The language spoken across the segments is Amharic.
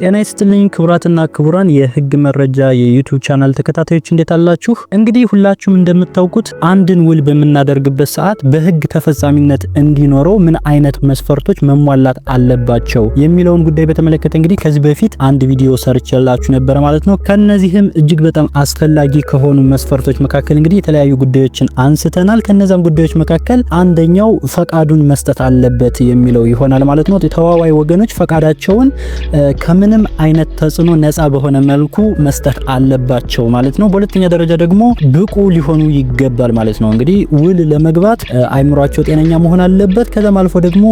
ጤና ይስጥልኝ ክቡራትና ክቡራን የህግ መረጃ የዩቲዩብ ቻናል ተከታታዮች እንዴት አላችሁ? እንግዲህ ሁላችሁም እንደምታውቁት አንድን ውል በምናደርግበት ሰዓት በህግ ተፈጻሚነት እንዲኖረው ምን አይነት መስፈርቶች መሟላት አለባቸው የሚለውን ጉዳይ በተመለከተ እንግዲህ ከዚህ በፊት አንድ ቪዲዮ ሰርችላችሁ ነበረ ማለት ነው። ከነዚህም እጅግ በጣም አስፈላጊ ከሆኑ መስፈርቶች መካከል እንግዲህ የተለያዩ ጉዳዮችን አንስተናል። ከነዚያም ጉዳዮች መካከል አንደኛው ፈቃዱን መስጠት አለበት የሚለው ይሆናል ማለት ነው። ተዋዋይ ወገኖች ፈቃዳቸውን ከምንም አይነት ተጽዕኖ ነፃ በሆነ መልኩ መስጠት አለባቸው ማለት ነው። በሁለተኛ ደረጃ ደግሞ ብቁ ሊሆኑ ይገባል ማለት ነው። እንግዲህ ውል ለመግባት አይምሯቸው ጤነኛ መሆን አለበት። ከዛም አልፎ ደግሞ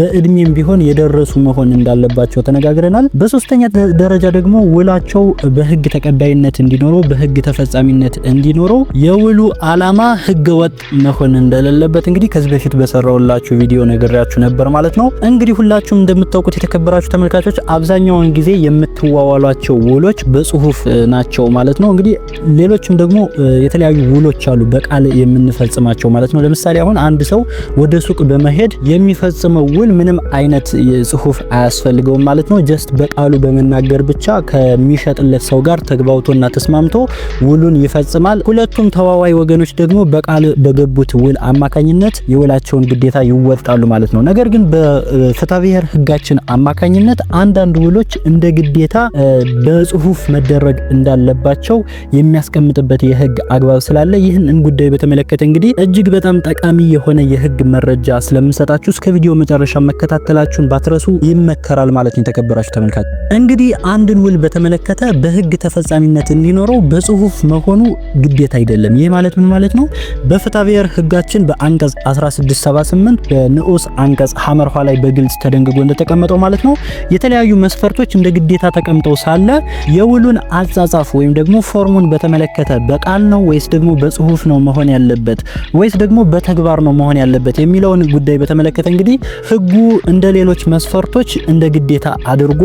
በእድሜም ቢሆን የደረሱ መሆን እንዳለባቸው ተነጋግረናል። በሶስተኛ ደረጃ ደግሞ ውላቸው በህግ ተቀባይነት እንዲኖረው፣ በህግ ተፈጻሚነት እንዲኖረው የውሉ አላማ ህገ ወጥ መሆን እንደሌለበት እንግዲህ ከዚህ በፊት በሰራውላችሁ ቪዲዮ ነግሬያችሁ ነበር ማለት ነው። እንግዲህ ሁላችሁም እንደምታውቁት የተከበራችሁ ተመልካቾች አብዛኛውን ጊዜ የምትዋዋሏቸው ውሎች በጽሁፍ ናቸው ማለት ነው። እንግዲህ ሌሎችም ደግሞ የተለያዩ ውሎች አሉ በቃል የምንፈጽማቸው ማለት ነው። ለምሳሌ አሁን አንድ ሰው ወደ ሱቅ በመሄድ የሚፈጽመው ውል ምንም አይነት ጽሁፍ አያስፈልገውም ማለት ነው። ጀስት በቃሉ በመናገር ብቻ ከሚሸጥለት ሰው ጋር ተግባብቶና ተስማምቶ ውሉን ይፈጽማል። ሁለቱም ተዋዋይ ወገኖች ደግሞ በቃል በገቡት ውል አማካኝነት የውላቸውን ግዴታ ይወጣሉ ማለት ነው። ነገር ግን ብሔር ህጋችን አማካኝነት አንዳንድ ውሎች እንደ ግዴታ በጽሁፍ መደረግ እንዳለባቸው የሚያስቀምጥበት የህግ አግባብ ስላለ ይህን ጉዳይ በተመለከተ እንግዲህ እጅግ በጣም ጠቃሚ የሆነ የህግ መረጃ ስለምንሰጣችሁ እስከ ቪዲዮ መጨረሻ መከታተላችሁን ባትረሱ ይመከራል ማለት ነው። የተከበራችሁ ተመልካች እንግዲህ አንድን ውል በተመለከተ በህግ ተፈጻሚነት እንዲኖረው በጽሁፍ መሆኑ ግዴታ አይደለም። ይህ ማለት ምን ማለት ነው? በፍትሐብሔር ህጋችን በአንቀጽ 1678 በንዑስ አንቀጽ ሐመርኋ ላይ በግልጽ ተደንግጎ እንደተቀመጠው ማለት ነው የተለያዩ መስፈርቶች እንደ ግዴታ ተቀምጠው ሳለ የውሉን አጻጻፍ ወይም ደግሞ ፎርሙን በተመለከተ በቃል ነው ወይስ ደግሞ በጽሁፍ ነው መሆን ያለበት ወይስ ደግሞ በተግባር ነው መሆን ያለበት የሚለውን ጉዳይ በተመለከተ እንግዲህ ህጉ እንደ ሌሎች መስፈርቶች እንደ ግዴታ አድርጎ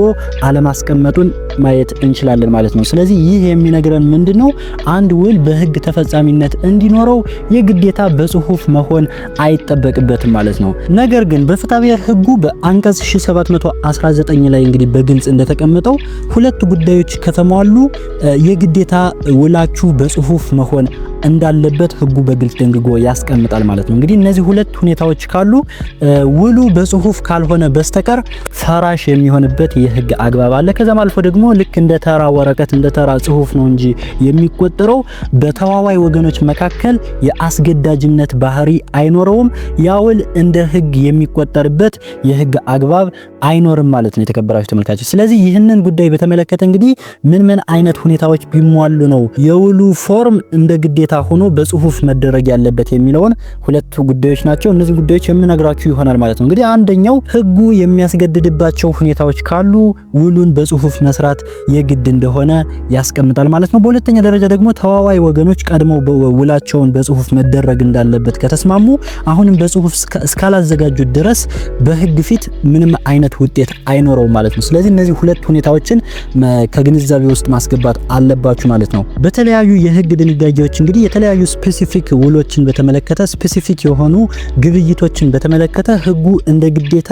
አለማስቀመጡን ማየት እንችላለን ማለት ነው። ስለዚህ ይህ የሚነግረን ምንድን ነው? አንድ ውል በህግ ተፈጻሚነት እንዲኖረው የግዴታ በጽሁፍ መሆን አይጠበቅበትም ማለት ነው። ነገር ግን በፍትሐብሔር ህጉ በአንቀጽ 1719 ላይ እንግዲህ በግልጽ እንደተቀመጠው ሁለት ጉዳዮች ከተሟሉ የግዴታ ውላችሁ በጽሁፍ መሆን እንዳለበት ህጉ በግልጽ ደንግጎ ያስቀምጣል ማለት ነው። እንግዲህ እነዚህ ሁለት ሁኔታዎች ካሉ ውሉ በጽሁፍ ካልሆነ በስተቀር ፈራሽ የሚሆንበት የህግ አግባብ አለ። ከዛም አልፎ ደግሞ ልክ እንደ ተራ ወረቀት እንደ ተራ ጽሁፍ ነው እንጂ የሚቆጠረው በተዋዋይ ወገኖች መካከል የአስገዳጅነት ባህሪ አይኖረውም። ያውል እንደ ህግ የሚቆጠርበት የህግ አግባብ አይኖርም ማለት ነው። የተከበራችሁ ተመልካቾች፣ ስለዚህ ይህንን ጉዳይ በተመለከተ እንግዲህ ምን ምን አይነት ሁኔታዎች ቢሟሉ ነው የውሉ ፎርም እንደ ግዴታ ሆኖ በጽሁፍ መደረግ ያለበት የሚለውን ሁለቱ ጉዳዮች ናቸው። እነዚህ ጉዳዮች የምነግራችሁ ይሆናል ማለት ነው። እንግዲህ አንደኛው ህጉ የሚያስገድድባቸው ሁኔታዎች ካሉ ውሉን በጽሁፍ መስራት መስራት የግድ እንደሆነ ያስቀምጣል ማለት ነው። በሁለተኛ ደረጃ ደግሞ ተዋዋይ ወገኖች ቀድመው ውላቸውን በጽሁፍ መደረግ እንዳለበት ከተስማሙ አሁንም በጽሁፍ እስካላዘጋጁት ድረስ በህግ ፊት ምንም አይነት ውጤት አይኖረው ማለት ነው። ስለዚህ እነዚህ ሁለት ሁኔታዎችን ከግንዛቤ ውስጥ ማስገባት አለባችሁ ማለት ነው። በተለያዩ የህግ ድንጋጌዎች እንግዲህ የተለያዩ ስፔሲፊክ ውሎችን በተመለከተ ስፔሲፊክ የሆኑ ግብይቶችን በተመለከተ ህጉ እንደ ግዴታ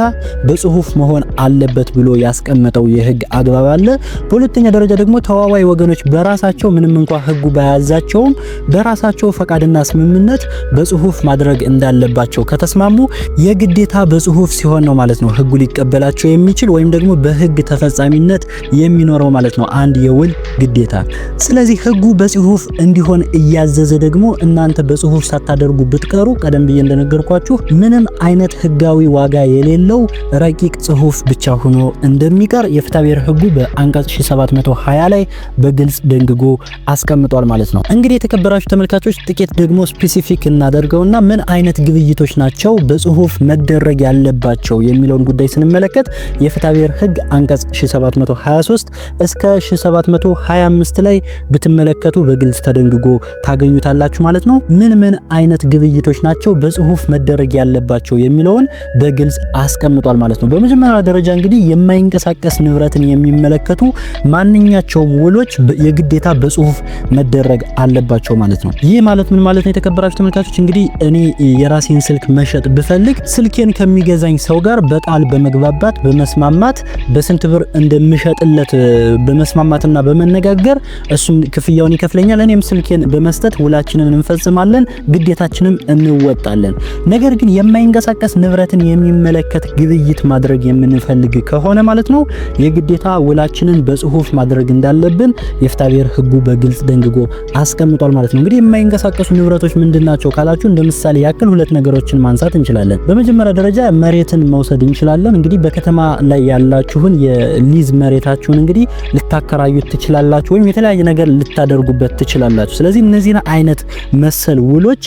በጽሁፍ መሆን አለበት ብሎ ያስቀመጠው የህግ አግባብ አለ። በሁለተኛ ደረጃ ደግሞ ተዋዋይ ወገኖች በራሳቸው ምንም እንኳ ህጉ ባያዛቸውም በራሳቸው ፈቃድና ስምምነት በጽሁፍ ማድረግ እንዳለባቸው ከተስማሙ የግዴታ በጽሁፍ ሲሆን ነው ማለት ነው ህጉ ሊቀበላቸው የሚችል ወይም ደግሞ በህግ ተፈጻሚነት የሚኖረው ማለት ነው አንድ የውል ግዴታ። ስለዚህ ህጉ በጽሁፍ እንዲሆን እያዘዘ ደግሞ እናንተ በጽሁፍ ሳታደርጉ ብትቀሩ ቀደም ብዬ እንደነገርኳችሁ ምንም አይነት ህጋዊ ዋጋ የሌለው ረቂቅ ጽሁፍ ብቻ ሆኖ እንደሚቀር የፍትሐብሔር ህጉ በአንቀ አንቀጽ 1720 ላይ በግልጽ ደንግጎ አስቀምጧል ማለት ነው። እንግዲህ የተከበራችሁ ተመልካቾች ጥቂት ደግሞ ስፔሲፊክ እናደርገውና ምን አይነት ግብይቶች ናቸው በጽሁፍ መደረግ ያለባቸው የሚለውን ጉዳይ ስንመለከት የፍትሐብሔር ህግ አንቀጽ 1723 እስከ 1725 ላይ ብትመለከቱ በግልጽ ተደንግጎ ታገኙታላችሁ ማለት ነው። ምን ምን አይነት ግብይቶች ናቸው በጽሁፍ መደረግ ያለባቸው የሚለውን በግልጽ አስቀምጧል ማለት ነው። በመጀመሪያ ደረጃ እንግዲህ የማይንቀሳቀስ ንብረትን የሚመለከቱ ማንኛቸውም ውሎች የግዴታ በጽሁፍ መደረግ አለባቸው ማለት ነው። ይህ ማለት ምን ማለት ነው? የተከበራችሁ ተመልካቾች እንግዲህ እኔ የራሴን ስልክ መሸጥ ብፈልግ ስልኬን ከሚገዛኝ ሰው ጋር በቃል በመግባባት በመስማማት በስንት ብር እንደምሸጥለት በመስማማትና በመነጋገር እሱም ክፍያውን ይከፍለኛል፣ እኔም ስልኬን በመስጠት ውላችንን እንፈጽማለን፣ ግዴታችንም እንወጣለን። ነገር ግን የማይንቀሳቀስ ንብረትን የሚመለከት ግብይት ማድረግ የምንፈልግ ከሆነ ማለት ነው የግዴታ ውላችንን ምን በጽሁፍ ማድረግ እንዳለብን የፍትሐብሔር ህጉ በግልጽ ደንግጎ አስቀምጧል ማለት ነው። እንግዲህ የማይንቀሳቀሱ ንብረቶች ምንድን ናቸው ካላችሁ እንደ ምሳሌ ያክል ሁለት ነገሮችን ማንሳት እንችላለን። በመጀመሪያ ደረጃ መሬትን መውሰድ እንችላለን። እንግዲህ በከተማ ላይ ያላችሁን የሊዝ መሬታችሁን እንግዲህ ልታከራዩት ትችላላችሁ፣ ወይም የተለያየ ነገር ልታደርጉበት ትችላላችሁ። ስለዚህ እነዚህን አይነት መሰል ውሎች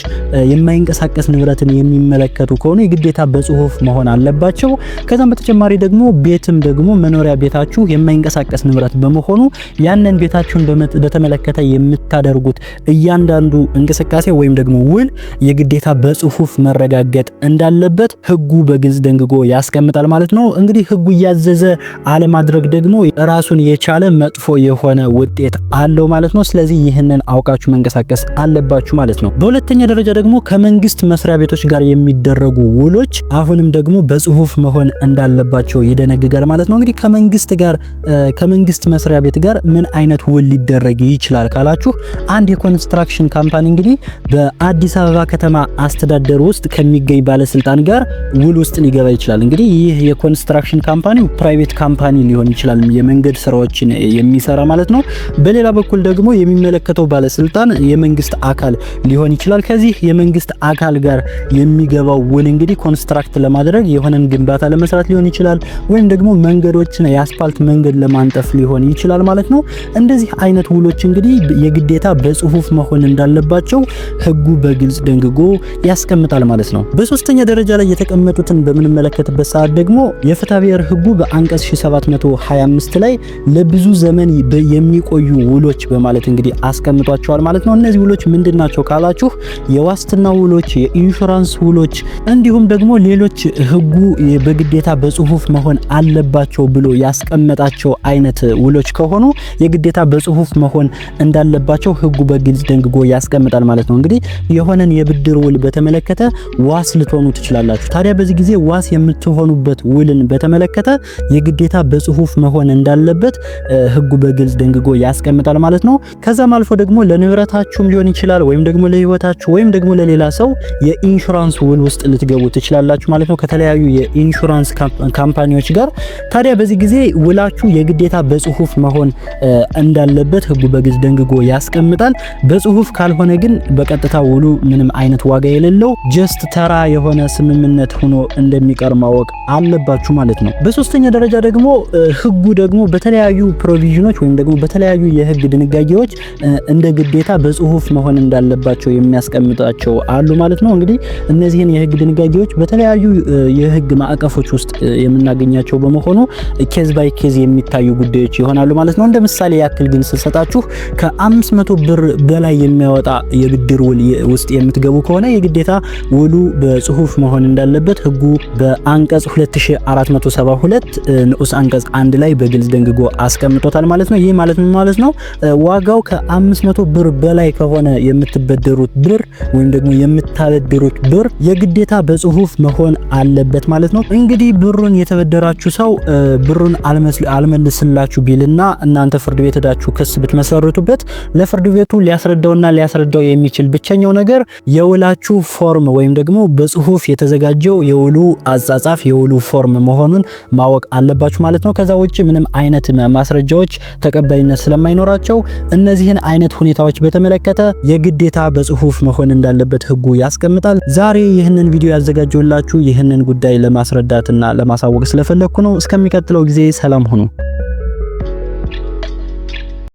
የማይንቀሳቀስ ንብረትን የሚመለከቱ ከሆኑ የግዴታ በጽሁፍ መሆን አለባቸው። ከዛም በተጨማሪ ደግሞ ቤትም ደግሞ መኖሪያ ቤታችሁ የማይንቀሳቀስ የመንግስት ንብረት በመሆኑ ያንን ቤታችሁን በተመለከተ የምታደርጉት እያንዳንዱ እንቅስቃሴ ወይም ደግሞ ውል የግዴታ በጽሁፍ መረጋገጥ እንዳለበት ህጉ በግልጽ ደንግጎ ያስቀምጣል ማለት ነው። እንግዲህ ህጉ እያዘዘ አለማድረግ ደግሞ ራሱን የቻለ መጥፎ የሆነ ውጤት አለው ማለት ነው። ስለዚህ ይህንን አውቃችሁ መንቀሳቀስ አለባችሁ ማለት ነው። በሁለተኛ ደረጃ ደግሞ ከመንግስት መስሪያ ቤቶች ጋር የሚደረጉ ውሎች አሁንም ደግሞ በጽሁፍ መሆን እንዳለባቸው ይደነግጋል ማለት ነው። እንግዲህ ከመንግስት ጋር ከመንግስት መስሪያ ቤት ጋር ምን አይነት ውል ሊደረግ ይችላል ካላችሁ አንድ የኮንስትራክሽን ካምፓኒ እንግዲህ በአዲስ አበባ ከተማ አስተዳደር ውስጥ ከሚገኝ ባለስልጣን ጋር ውል ውስጥ ሊገባ ይችላል። እንግዲህ ይህ የኮንስትራክሽን ካምፓኒ ፕራይቬት ካምፓኒ ሊሆን ይችላል፣ የመንገድ ስራዎችን የሚሰራ ማለት ነው። በሌላ በኩል ደግሞ የሚመለከተው ባለስልጣን የመንግስት አካል ሊሆን ይችላል። ከዚህ የመንግስት አካል ጋር የሚገባው ውል እንግዲህ ኮንስትራክት ለማድረግ የሆነን ግንባታ ለመስራት ሊሆን ይችላል ወይም ደግሞ መንገዶችን የአስፓልት መንገድ ለማንጠፍ የሚከፍ ሊሆን ይችላል ማለት ነው። እንደዚህ አይነት ውሎች እንግዲህ የግዴታ በጽሁፍ መሆን እንዳለባቸው ህጉ በግልጽ ደንግጎ ያስቀምጣል ማለት ነው። በሶስተኛ ደረጃ ላይ የተቀመጡትን በምንመለከትበት ሰዓት ደግሞ የፍትሐ ብሔር ህጉ በአንቀጽ 1725 ላይ ለብዙ ዘመን የሚቆዩ ውሎች በማለት እንግዲህ አስቀምጧቸዋል ማለት ነው። እነዚህ ውሎች ምንድን ናቸው ካላችሁ የዋስትና ውሎች፣ የኢንሹራንስ ውሎች እንዲሁም ደግሞ ሌሎች ህጉ በግዴታ በጽሁፍ መሆን አለባቸው ብሎ ያስቀመጣቸው አይ አይነት ውሎች ከሆኑ የግዴታ በጽሁፍ መሆን እንዳለባቸው ህጉ በግልጽ ደንግጎ ያስቀምጣል ማለት ነው። እንግዲህ የሆነን የብድር ውል በተመለከተ ዋስ ልትሆኑ ትችላላችሁ። ታዲያ በዚህ ጊዜ ዋስ የምትሆኑበት ውልን በተመለከተ የግዴታ በጽሁፍ መሆን እንዳለበት ህጉ በግልጽ ደንግጎ ያስቀምጣል ማለት ነው። ከዛም አልፎ ደግሞ ለንብረታችሁም ሊሆን ይችላል ወይም ደግሞ ለህይወታችሁ ወይም ደግሞ ለሌላ ሰው የኢንሹራንስ ውል ውስጥ ልትገቡ ትችላላችሁ ማለት ነው ከተለያዩ የኢንሹራንስ ካምፓኒዎች ጋር። ታዲያ በዚህ ጊዜ ውላችሁ የግዴታ ግዴታ በጽሁፍ መሆን እንዳለበት ህጉ በግልጽ ደንግጎ ያስቀምጣል። በጽሁፍ ካልሆነ ግን በቀጥታ ውሉ ምንም አይነት ዋጋ የሌለው ጀስት ተራ የሆነ ስምምነት ሆኖ እንደሚቀር ማወቅ አለባችሁ ማለት ነው። በሶስተኛ ደረጃ ደግሞ ህጉ ደግሞ በተለያዩ ፕሮቪዥኖች ወይም ደግሞ በተለያዩ የህግ ድንጋጌዎች እንደ ግዴታ በጽሁፍ መሆን እንዳለባቸው የሚያስቀምጣቸው አሉ ማለት ነው። እንግዲህ እነዚህን የህግ ድንጋጌዎች በተለያዩ የህግ ማዕቀፎች ውስጥ የምናገኛቸው በመሆኑ ኬዝ ባይ ኬዝ የሚታዩ ጉዳዮች ይሆናሉ ማለት ነው። እንደ ምሳሌ ያክል ግን ስሰጣችሁ ከ500 ብር በላይ የሚያወጣ የብድር ውል ውስጥ የምትገቡ ከሆነ የግዴታ ውሉ በጽሁፍ መሆን እንዳለበት ህጉ በአንቀጽ 2472 ንዑስ አንቀጽ አንድ ላይ በግልጽ ደንግጎ አስቀምጦታል ማለት ነው። ይህ ማለት ማለት ነው ዋጋው ከ500 ብር በላይ ከሆነ የምትበደሩት ብር ወይም ደግሞ የምታበድሩት ብር የግዴታ በጽሁፍ መሆን አለበት ማለት ነው። እንግዲህ ብሩን የተበደራችሁ ሰው ብሩን አልመልስም አለላችሁ ቢልና እናንተ ፍርድ ቤት ሄዳችሁ ክስ ብትመሰርቱበት ለፍርድ ቤቱ ሊያስረዳውና ሊያስረዳው የሚችል ብቸኛው ነገር የውላችሁ ፎርም ወይም ደግሞ በጽሁፍ የተዘጋጀው የውሉ አጻጻፍ የውሉ ፎርም መሆኑን ማወቅ አለባችሁ ማለት ነው። ከዛ ውጭ ምንም አይነት ማስረጃዎች ተቀባይነት ስለማይኖራቸው እነዚህን አይነት ሁኔታዎች በተመለከተ የግዴታ በጽሁፍ መሆን እንዳለበት ህጉ ያስቀምጣል። ዛሬ ይህንን ቪዲዮ ያዘጋጀውላችሁ ይህንን ጉዳይ ለማስረዳትና ለማሳወቅ ስለፈለግኩ ነው። እስከሚቀጥለው ጊዜ ሰላም ሁኑ።